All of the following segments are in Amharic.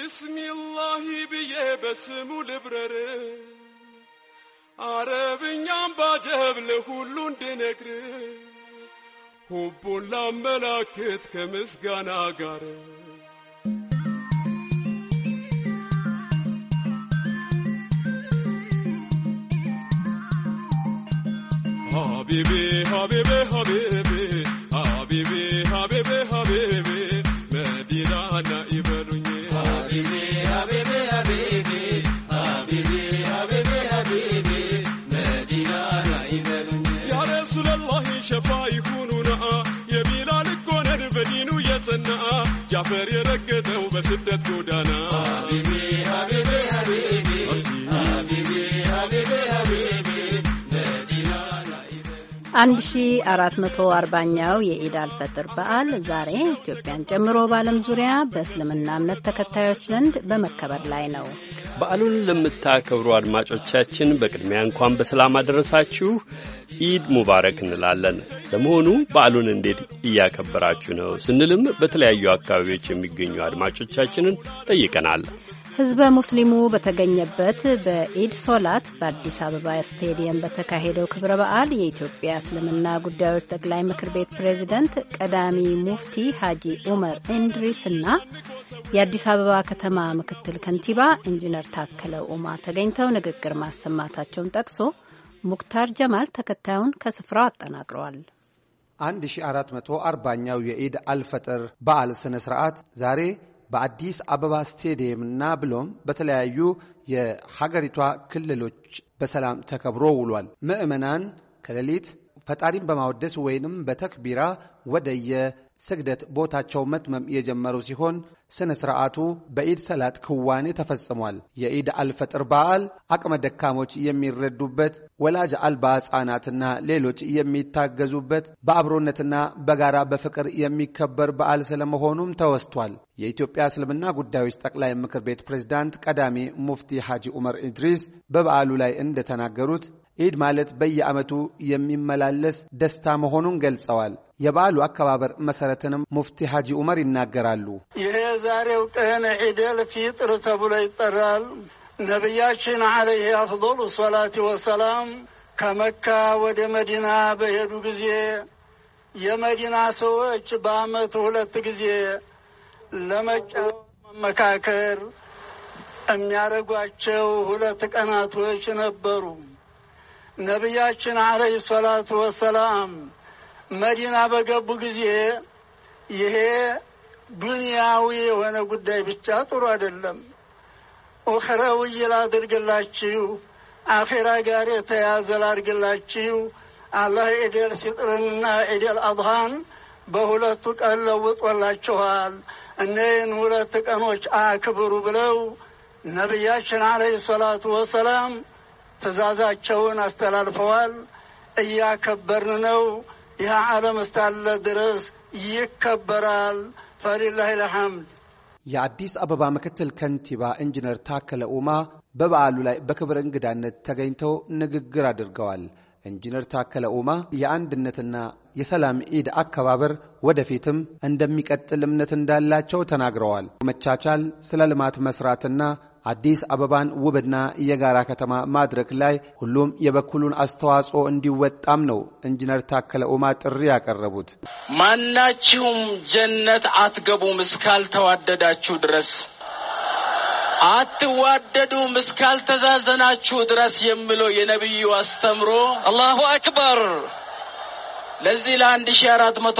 بسم الله بيه بسمو لبرره عربኛም ባጀብ ለሁሉ እንድነግር ሁቡን ላመላክት ከምስጋና ጋር ሀቢቤ ሀቢቤ ሀቢቤ አፈር የረገጠው በስደት ጎዳና 1440ኛው የኢድ አልፈጥር በዓል ዛሬ ኢትዮጵያን ጨምሮ በዓለም ዙሪያ በእስልምና እምነት ተከታዮች ዘንድ በመከበር ላይ ነው። በዓሉን ለምታከብሩ አድማጮቻችን በቅድሚያ እንኳን በሰላም አደረሳችሁ፣ ኢድ ሙባረክ እንላለን። ለመሆኑ በዓሉን እንዴት እያከበራችሁ ነው ስንልም በተለያዩ አካባቢዎች የሚገኙ አድማጮቻችንን ጠይቀናል። ህዝበ ሙስሊሙ በተገኘበት በኢድ ሶላት በአዲስ አበባ ስቴዲየም በተካሄደው ክብረ በዓል የኢትዮጵያ እስልምና ጉዳዮች ጠቅላይ ምክር ቤት ፕሬዚደንት ቀዳሚ ሙፍቲ ሀጂ ኡመር ኢንድሪስ እና የአዲስ አበባ ከተማ ምክትል ከንቲባ ኢንጂነር ታከለ ኡማ ተገኝተው ንግግር ማሰማታቸውን ጠቅሶ ሙክታር ጀማል ተከታዩን ከስፍራው አጠናቅረዋል። 1440ኛው የኢድ አልፈጥር በዓል ስነ ስርዓት ዛሬ በአዲስ አበባ ስቴዲየምና ብሎም በተለያዩ የሀገሪቷ ክልሎች በሰላም ተከብሮ ውሏል። ምዕመናን ከሌሊት ፈጣሪን በማወደስ ወይንም በተክቢራ ወደየ ስግደት ቦታቸው መትመም የጀመሩ ሲሆን ስነ ስርዓቱ በኢድ ሰላት ክዋኔ ተፈጽሟል። የኢድ አልፈጥር በዓል አቅመ ደካሞች የሚረዱበት፣ ወላጅ አልባ ሕፃናትና ሌሎች የሚታገዙበት፣ በአብሮነትና በጋራ በፍቅር የሚከበር በዓል ስለመሆኑም ተወስቷል። የኢትዮጵያ እስልምና ጉዳዮች ጠቅላይ ምክር ቤት ፕሬዝዳንት ቀዳሚ ሙፍቲ ሐጂ ዑመር ኢድሪስ በበዓሉ ላይ እንደተናገሩት ኢድ ማለት በየዓመቱ የሚመላለስ ደስታ መሆኑን ገልጸዋል። የበዓሉ አከባበር መሠረትንም ሙፍቲ ሐጂ ዑመር ይናገራሉ። ይሄ ዛሬው ቀን ዒደል ፊጥር ተብሎ ይጠራል። ነቢያችን ዓለይህ አፍሉ ሰላት ወሰላም ከመካ ወደ መዲና በሄዱ ጊዜ የመዲና ሰዎች በዓመት ሁለት ጊዜ ለመጫወት መመካከር የሚያደርጓቸው ሁለት ቀናቶች ነበሩ። ነቢያችን አለህ ሰላቱ ወሰላም መዲና በገቡ ጊዜ ይሄ ዱንያዊ የሆነ ጉዳይ ብቻ ጥሩ አይደለም፣ ኡኽረዊ ላድርግላችሁ፣ አኼራ ጋር የተያዘ ላድርግላችሁ። አላህ ኢደል ፊጥርንና ኢደል አድሃን በሁለቱ ቀን ለውጦላችኋል። እነይህን ሁለት ቀኖች አክብሩ ብለው ነቢያችን አለህ ሰላቱ ወሰላም ትእዛዛቸውን አስተላልፈዋል። እያከበርን ነው። ይህ ዓለም እስካለ ድረስ ይከበራል። ፈሊላሂ ልሐምድ። የአዲስ አበባ ምክትል ከንቲባ ኢንጂነር ታከለ ኡማ በበዓሉ ላይ በክብር እንግዳነት ተገኝተው ንግግር አድርገዋል። ኢንጂነር ታከለ ኡማ የአንድነትና የሰላም ኢድ አከባበር ወደፊትም እንደሚቀጥል እምነት እንዳላቸው ተናግረዋል። መቻቻል፣ ስለ ልማት መስራትና አዲስ አበባን ውብና የጋራ ከተማ ማድረግ ላይ ሁሉም የበኩሉን አስተዋጽኦ እንዲወጣም ነው ኢንጂነር ታከለ ኡማ ጥሪ ያቀረቡት። ማናችሁም ጀነት አትገቡም እስካልተዋደዳችሁ ድረስ አትዋደዱም እስካልተዛዘናችሁ ድረስ የሚለው የነቢዩ አስተምሮ አላሁ አክበር። ለዚህ ለአንድ ሺ አራት መቶ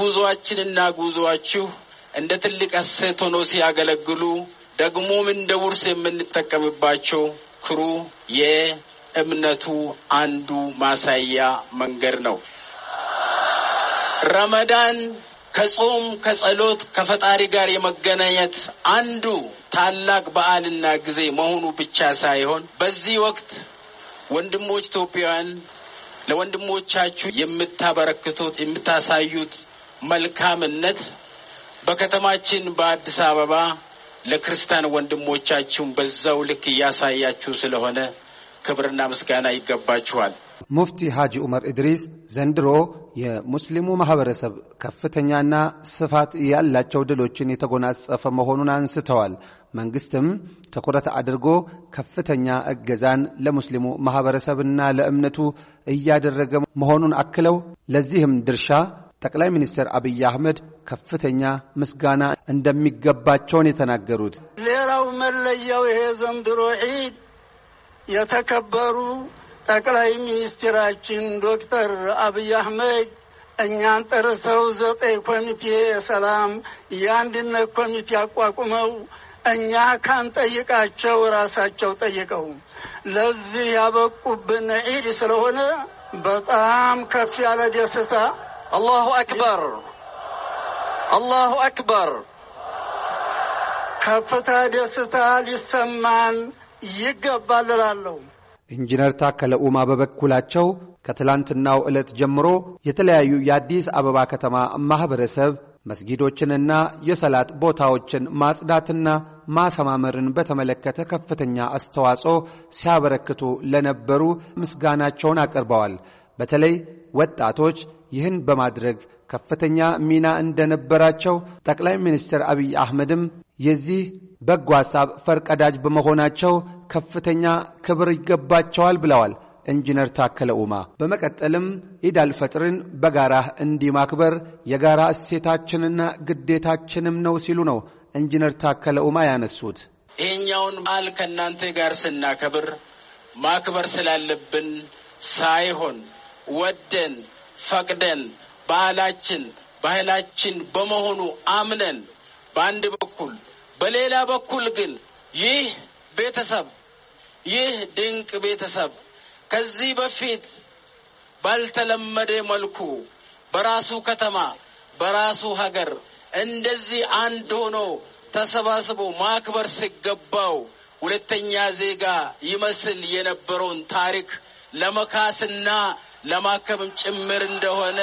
ጉዞአችንና ጉዞአችሁ እንደ ትልቅ እሴት ሆኖ ሲያገለግሉ ደግሞም እንደ ውርስ የምንጠቀምባቸው ክሩ የእምነቱ አንዱ ማሳያ መንገድ ነው። ረመዳን ከጾም ከጸሎት፣ ከፈጣሪ ጋር የመገናኘት አንዱ ታላቅ በዓልና ጊዜ መሆኑ ብቻ ሳይሆን በዚህ ወቅት ወንድሞች ኢትዮጵያውያን ለወንድሞቻችሁ የምታበረክቱት የምታሳዩት መልካምነት በከተማችን በአዲስ አበባ ለክርስቲያን ወንድሞቻችሁን በዛው ልክ እያሳያችሁ ስለሆነ ክብርና ምስጋና ይገባችኋል። ሙፍቲ ሐጂ ዑመር ኢድሪስ ዘንድሮ የሙስሊሙ ማህበረሰብ ከፍተኛና ስፋት ያላቸው ድሎችን የተጎናጸፈ መሆኑን አንስተዋል። መንግስትም ትኩረት አድርጎ ከፍተኛ እገዛን ለሙስሊሙ ማኅበረሰብና ለእምነቱ እያደረገ መሆኑን አክለው ለዚህም ድርሻ ጠቅላይ ሚኒስትር አብይ አህመድ ከፍተኛ ምስጋና እንደሚገባቸውን የተናገሩት። ሌላው መለያው ይሄ ዘንድሮ ዒድ የተከበሩ ጠቅላይ ሚኒስትራችን ዶክተር አብይ አህመድ እኛን ጠርሰው ዘጠኝ ኮሚቴ የሰላም የአንድነት ኮሚቴ አቋቁመው እኛ ካንጠይቃቸው ራሳቸው ጠይቀው ለዚህ ያበቁብን ዒድ ስለሆነ በጣም ከፍ ያለ ደስታ አላሁ አክበር አላሁ አክበር። ከፍታ ደስታ ሊሰማን ይገባል እላለሁ። ኢንጂነር ታከለ ኡማ በበኩላቸው ከትላንትናው ዕለት ጀምሮ የተለያዩ የአዲስ አበባ ከተማ ማኅበረሰብ መስጊዶችንና የሰላት ቦታዎችን ማጽዳትና ማሰማመርን በተመለከተ ከፍተኛ አስተዋጽኦ ሲያበረክቱ ለነበሩ ምስጋናቸውን አቅርበዋል። በተለይ ወጣቶች ይህን በማድረግ ከፍተኛ ሚና እንደነበራቸው ጠቅላይ ሚኒስትር አብይ አህመድም የዚህ በጎ ሐሳብ ፈርቀዳጅ በመሆናቸው ከፍተኛ ክብር ይገባቸዋል ብለዋል ኢንጂነር ታከለ ኡማ። በመቀጠልም ኢድ አልፈጥርን በጋራ ማክበር የጋራ እሴታችንና ግዴታችንም ነው ሲሉ ነው ኢንጂነር ታከለ ኡማ ያነሱት። ይህኛውን በዓል ከእናንተ ጋር ስናከብር ማክበር ስላለብን ሳይሆን ወደን ፈቅደን ባህላችን ባህላችን በመሆኑ አምነን በአንድ በኩል በሌላ በኩል ግን ይህ ቤተሰብ ይህ ድንቅ ቤተሰብ ከዚህ በፊት ባልተለመደ መልኩ በራሱ ከተማ በራሱ ሀገር እንደዚህ አንድ ሆኖ ተሰባስቦ ማክበር ሲገባው ሁለተኛ ዜጋ ይመስል የነበረውን ታሪክ ለመካስና ለማከብም ጭምር እንደሆነ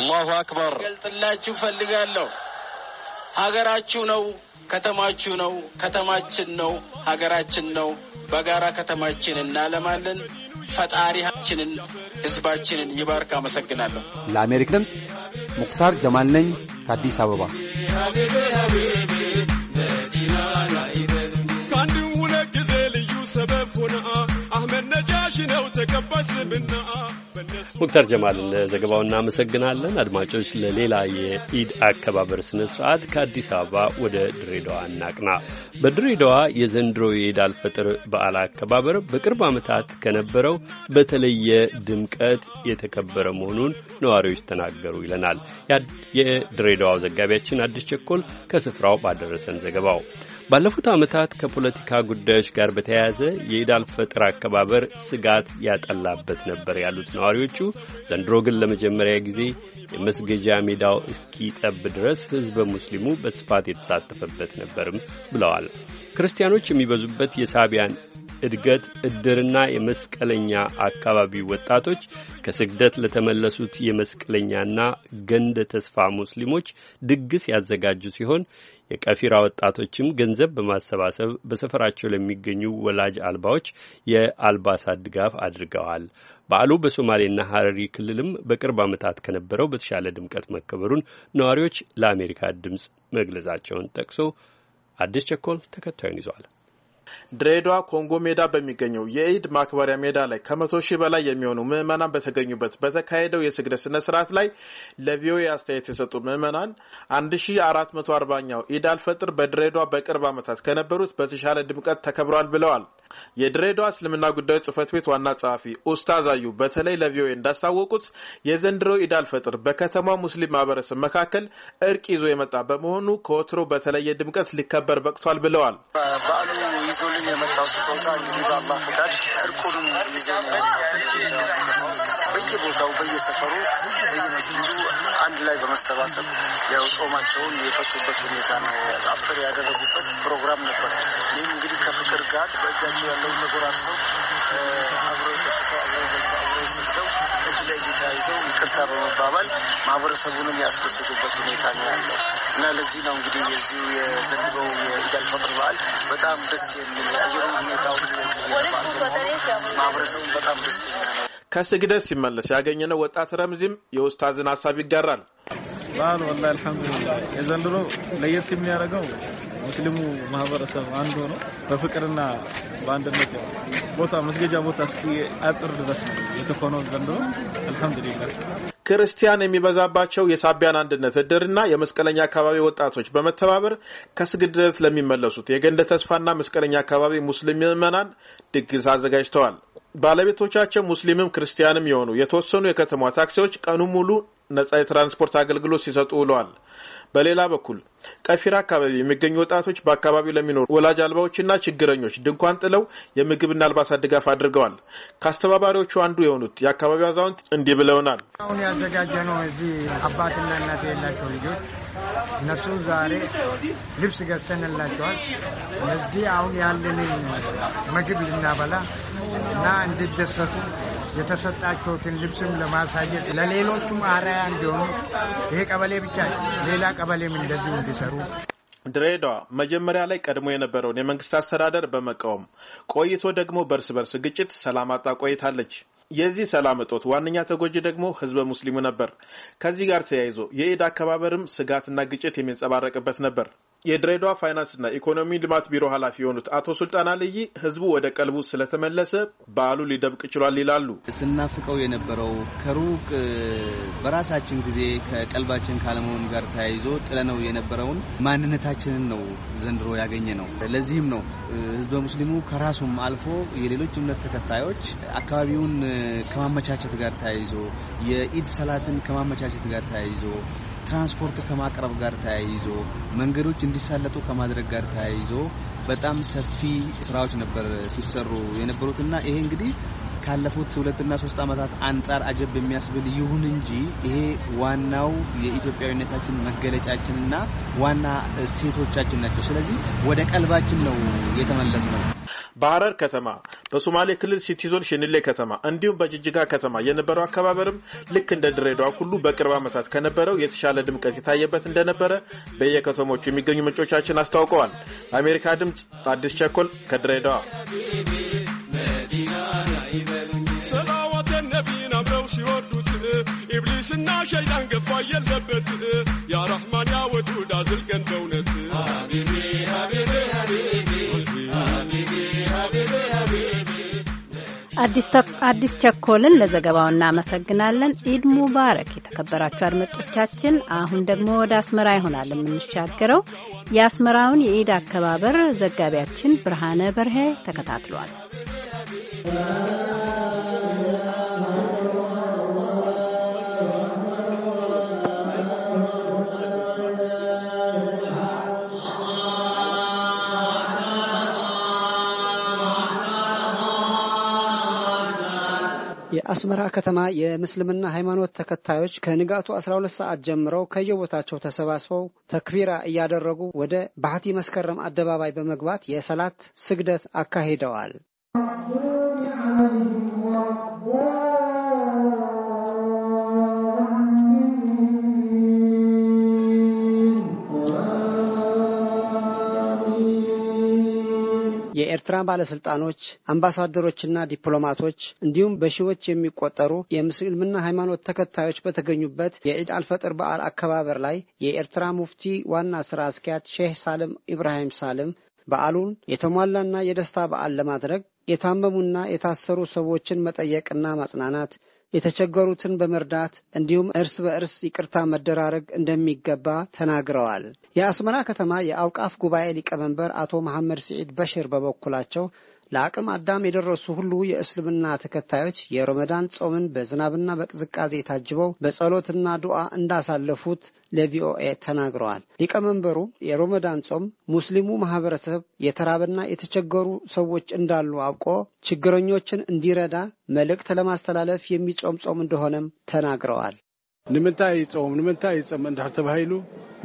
አላሁ አክበር ገልጥላችሁ ፈልጋለሁ። ሀገራችሁ ነው፣ ከተማችሁ ነው፣ ከተማችን ነው፣ ሀገራችን ነው። በጋራ ከተማችን እናለማለን። ፈጣሪችንን ህዝባችንን ይባርክ። አመሰግናለሁ። ለአሜሪካ ድምፅ ሙክታር ጀማል ነኝ ከአዲስ አበባ። ከአንድም ሁለት ጊዜ ልዩ ሰበብ ሆነ ዶክተር ጀማል ለዘገባው እናመሰግናለን። አድማጮች፣ ለሌላ የኢድ አከባበር ስነ ስርዓት ከአዲስ አበባ ወደ ድሬዳዋ እናቅና። በድሬዳዋ የዘንድሮ የኢድ አልፈጥር በዓል አከባበር በቅርብ ዓመታት ከነበረው በተለየ ድምቀት የተከበረ መሆኑን ነዋሪዎች ተናገሩ ይለናል የድሬዳዋ ዘጋቢያችን አዲስ ቸኮል ከስፍራው ባደረሰን ዘገባው ባለፉት ዓመታት ከፖለቲካ ጉዳዮች ጋር በተያያዘ የኢድ አልፈጥር አከባበር ስጋት ያጠላበት ነበር ያሉት ነዋሪዎቹ፣ ዘንድሮ ግን ለመጀመሪያ ጊዜ የመስገጃ ሜዳው እስኪጠብ ድረስ ህዝበ ሙስሊሙ በስፋት የተሳተፈበት ነበርም ብለዋል። ክርስቲያኖች የሚበዙበት የሳቢያን እድገት እድርና የመስቀለኛ አካባቢ ወጣቶች ከስግደት ለተመለሱት የመስቀለኛና ገንደ ተስፋ ሙስሊሞች ድግስ ያዘጋጁ ሲሆን የቀፊራ ወጣቶችም ገንዘብ በማሰባሰብ በሰፈራቸው ለሚገኙ ወላጅ አልባዎች የአልባሳት ድጋፍ አድርገዋል። በዓሉ በሶማሌና ሀረሪ ክልልም በቅርብ ዓመታት ከነበረው በተሻለ ድምቀት መከበሩን ነዋሪዎች ለአሜሪካ ድምፅ መግለጻቸውን ጠቅሶ አዲስ ቸኮል ተከታዩን ይዟል። ድሬዳዋ ኮንጎ ሜዳ በሚገኘው የኢድ ማክበሪያ ሜዳ ላይ ከመቶ ሺህ በላይ የሚሆኑ ምዕመናን በተገኙበት በተካሄደው የስግደት ስነ ስርዓት ላይ ለቪኦኤ አስተያየት የሰጡ ምዕመናን መቶ አርባኛው ኢድ አልፈጥር በድሬዳዋ በቅርብ ዓመታት ከነበሩት በተሻለ ድምቀት ተከብሯል ብለዋል። የድሬዳዋ እስልምና ጉዳዮች ጽህፈት ቤት ዋና ጸሐፊ ኡስታዝ አዩ በተለይ ለቪኦኤ እንዳስታወቁት የዘንድሮ ኢዳል ፈጥር በከተማ ሙስሊም ማህበረሰብ መካከል እርቅ ይዞ የመጣ በመሆኑ ከወትሮ በተለየ ድምቀት ሊከበር በቅቷል ብለዋል። በዓሉ ይዞልን የመጣው ስጦታ እንግዲህ በአላህ እርቁንም ይዞ በየቦታው በየሰፈሩ በየመስጊዱ አንድ ላይ በመሰባሰብ ያው ጾማቸውን የፈቱበት ሁኔታ ነው። አፍጥር ያደረጉበት ፕሮግራም ነበር። ይህም እንግዲህ ከፍቅር ጋር በእጃቸው ያለውን ተጎራርሰው አብረው ጠጥተው አብረው በልተው አብረው ሰግደው እጅ ለእጅ ተያይዘው ይቅርታ በመባባል ማህበረሰቡንም ያስደሰቱበት ሁኔታ ነው ያለው እና ለዚህ ነው እንግዲህ የዚሁ የዘንድሮው የኢዳል ፈጥር በዓል በጣም ደስ የሚል የአየሩ ሁኔታው ማህበረሰቡን በጣም ደስ የሚል ነው። ከስግደት ሲመለስ ያገኘነው ወጣት ረምዚም የኡስታዝን ሀሳብ ይጋራል። በዓል ወላሂ አልሐምዱሊላህ። የዘንድሮ ለየት የሚያደርገው ሙስሊሙ ማህበረሰብ አንድ ሆኖ በፍቅርና በአንድነት ቦታ መስገጃ ቦታ እስኪ አጥር ድረስ ነው የተኮነው ዘንድሮ አልሐምዱሊላህ። ክርስቲያን የሚበዛባቸው የሳቢያን አንድነት እድርና የመስቀለኛ አካባቢ ወጣቶች በመተባበር ከስግደት ለሚመለሱት የገንደ ተስፋና መስቀለኛ አካባቢ ሙስሊም ምዕመናን ድግስ አዘጋጅተዋል። ባለቤቶቻቸው ሙስሊምም ክርስቲያንም የሆኑ የተወሰኑ የከተማ ታክሲዎች ቀኑን ሙሉ ነጻ የትራንስፖርት አገልግሎት ሲሰጡ ውለዋል። በሌላ በኩል ጠፊራ አካባቢ የሚገኙ ወጣቶች በአካባቢው ለሚኖሩ ወላጅ አልባዎችና ችግረኞች ድንኳን ጥለው የምግብና አልባሳት ድጋፍ አድርገዋል። ከአስተባባሪዎቹ አንዱ የሆኑት የአካባቢው አዛውንት እንዲህ ብለውናል። አሁን ያዘጋጀ ነው እዚህ አባትና እናት የላቸው ልጆች እነሱ ዛሬ ልብስ ገዝተንላቸዋል። እነዚህ አሁን ያለን ምግብ ልናበላ እና እንዲደሰቱ የተሰጣቸውትን ልብስም ለማሳየት ለሌሎቹም አርአያ እንዲሆኑ ይሄ ቀበሌ ብቻ ሌላ ቀበሌም እንደዚሁ እንዲሰሩ ድሬዳዋ መጀመሪያ ላይ ቀድሞ የነበረውን የመንግስት አስተዳደር በመቃወም ቆይቶ ደግሞ በእርስ በርስ ግጭት ሰላም አጣ ቆይታለች። የዚህ ሰላም እጦት ዋነኛ ተጎጂ ደግሞ ህዝበ ሙስሊሙ ነበር። ከዚህ ጋር ተያይዞ የኢድ አከባበርም ስጋትና ግጭት የሚንጸባረቅበት ነበር። የድሬዳዋ ፋይናንስና ኢኮኖሚ ልማት ቢሮ ኃላፊ የሆኑት አቶ ሱልጣን አልይ ህዝቡ ወደ ቀልቡ ስለተመለሰ በዓሉ ሊደብቅ ችሏል ይላሉ። ስናፍቀው የነበረው ከሩቅ በራሳችን ጊዜ ከቀልባችን ካለመሆን ጋር ተያይዞ ጥለነው የነበረውን ማንነታችንን ነው ዘንድሮ ያገኘ ነው። ለዚህም ነው ህዝበ ሙስሊሙ ከራሱም አልፎ የሌሎች እምነት ተከታዮች አካባቢውን ከማመቻቸት ጋር ተያይዞ የኢድ ሰላትን ከማመቻቸት ጋር ተያይዞ ትራንስፖርት ከማቅረብ ጋር ተያይዞ መንገዶች እንዲሳለጡ ከማድረግ ጋር ተያይዞ በጣም ሰፊ ስራዎች ነበር ሲሰሩ የነበሩትና ይሄ እንግዲህ ካለፉት ሁለትና ሶስት ዓመታት አንጻር አጀብ የሚያስብል ይሁን እንጂ ይሄ ዋናው የኢትዮጵያዊነታችን መገለጫችንና ዋና እሴቶቻችን ናቸው። ስለዚህ ወደ ቀልባችን ነው የተመለስ ነው። በሐረር ከተማ፣ በሶማሌ ክልል ሲቲ ዞን ሽንሌ ከተማ እንዲሁም በጅጅጋ ከተማ የነበረው አከባበርም ልክ እንደ ድሬዳዋ ሁሉ በቅርብ ዓመታት ከነበረው የተሻለ ድምቀት የታየበት እንደነበረ በየከተሞቹ የሚገኙ ምንጮቻችን አስታውቀዋል። ለአሜሪካ ድምፅ ድምፅ አዲስ ቸኮል ከድሬዳዋ ነቢይን አብረው ሲወዱት ኢብሊስና ሸይጣን ገፋ የለበት ያ ረሕማን ያ ወዱድ አዲስ ቸኮልን ለዘገባው እናመሰግናለን። ኢድ ሙባረክ የተከበራችሁ አድማጮቻችን። አሁን ደግሞ ወደ አስመራ ይሆናል የምንሻገረው። የአስመራውን የኢድ አከባበር ዘጋቢያችን ብርሃነ በርሄ ተከታትሏል። የአስመራ ከተማ የምስልምና ሃይማኖት ተከታዮች ከንጋቱ 12 ሰዓት ጀምረው ከየቦታቸው ተሰባስበው ተክቢራ እያደረጉ ወደ ባህቲ መስከረም አደባባይ በመግባት የሰላት ስግደት አካሂደዋል። የኤርትራ ባለስልጣኖች፣ አምባሳደሮችና ዲፕሎማቶች እንዲሁም በሺዎች የሚቆጠሩ የምስልምና ሃይማኖት ተከታዮች በተገኙበት የኢድ አልፈጥር በዓል አከባበር ላይ የኤርትራ ሙፍቲ ዋና ስራ አስኪያጅ ሼህ ሳልም ኢብራሂም ሳልም በዓሉን የተሟላና የደስታ በዓል ለማድረግ የታመሙና የታሰሩ ሰዎችን መጠየቅና ማጽናናት የተቸገሩትን በመርዳት እንዲሁም እርስ በእርስ ይቅርታ መደራረግ እንደሚገባ ተናግረዋል። የአስመራ ከተማ የአውቃፍ ጉባኤ ሊቀመንበር አቶ መሐመድ ስዒድ በሽር በበኩላቸው ለአቅም አዳም የደረሱ ሁሉ የእስልምና ተከታዮች የረመዳን ጾምን በዝናብና በቅዝቃዜ ታጅበው በጸሎትና ዱዓ እንዳሳለፉት ለቪኦኤ ተናግረዋል። ሊቀመንበሩ የሮመዳን ጾም ሙስሊሙ ማህበረሰብ የተራበና የተቸገሩ ሰዎች እንዳሉ አውቆ ችግረኞችን እንዲረዳ መልእክት ለማስተላለፍ የሚጾም ጾም እንደሆነም ተናግረዋል። ንምንታይ ይጾም ንምንታይ ይፀመ እንዳር ተባሂሉ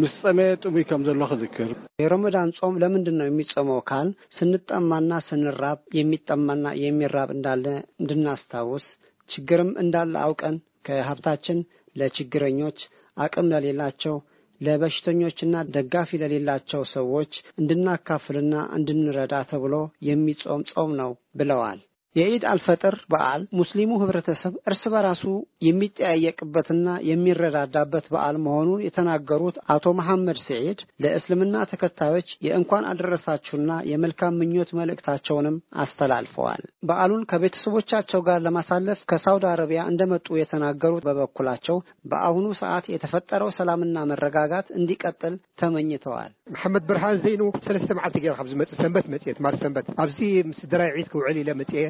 ምስ ጸመ ጥሙይ ከም ዘሎ ክዝክር የረመዳን ጾም ለምንድን ነው የሚጸመው ካል ስንጠማና ስንራብ የሚጠማና የሚራብ እንዳለ እንድናስታውስ ችግርም እንዳለ አውቀን ከሀብታችን ለችግረኞች አቅም ለሌላቸው ለበሽተኞችና ደጋፊ ለሌላቸው ሰዎች እንድናካፍልና እንድንረዳ ተብሎ የሚጾም ጾም ነው ብለዋል። የኢድ አልፈጥር በዓል ሙስሊሙ ህብረተሰብ እርስ በራሱ የሚጠያየቅበትና የሚረዳዳበት በዓል መሆኑን የተናገሩት አቶ መሐመድ ስዒድ ለእስልምና ተከታዮች የእንኳን አደረሳችሁና የመልካም ምኞት መልእክታቸውንም አስተላልፈዋል። በዓሉን ከቤተሰቦቻቸው ጋር ለማሳለፍ ከሳውዲ አረቢያ እንደመጡ የተናገሩት በበኩላቸው በአሁኑ ሰዓት የተፈጠረው ሰላምና መረጋጋት እንዲቀጥል ተመኝተዋል። መሐመድ ብርሃን ዘይኑ ሰለስተ መዓልቲ ገይረ ካብ ዝመፅእ ሰንበት መፅት ማለት ሰንበት ኣብዚ ምስ ድራይ ዒድ ክውዕል ኢለ መፅአ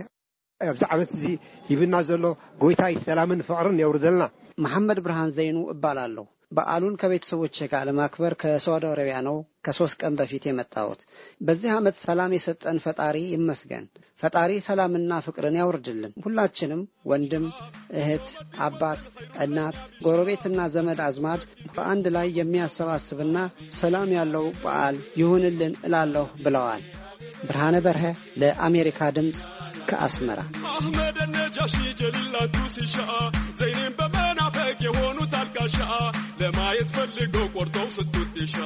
ኣብዚ ዓመት እዚ ይብና ዘሎ ጎይታይ ሰላምን ፍቅርን የውር ዘለና መሐመድ ብርሃን ዘይኑ እባላለሁ። በዓሉን ከቤተሰቦች ጋር ለማክበር ከሳውዲ አረቢያ ነው ከሶስት ቀን በፊት የመጣሁት። በዚህ ዓመት ሰላም የሰጠን ፈጣሪ ይመስገን። ፈጣሪ ሰላምና ፍቅርን ያውርድልን። ሁላችንም ወንድም፣ እህት፣ አባት፣ እናት፣ ጎረቤትና ዘመድ አዝማድ በአንድ ላይ የሚያሰባስብና ሰላም ያለው በዓል ይሁንልን እላለሁ ብለዋል። ብርሃነ በርሀ ለአሜሪካ ድምፅ ከአስመራ አህመድ ነጃሺ ጀሊላቱ ሲሻ ዘይኔን በመናፈቅ የሆኑት አልቃሻ ለማየት ፈልገው ቆርጠው ስጡት ይሻ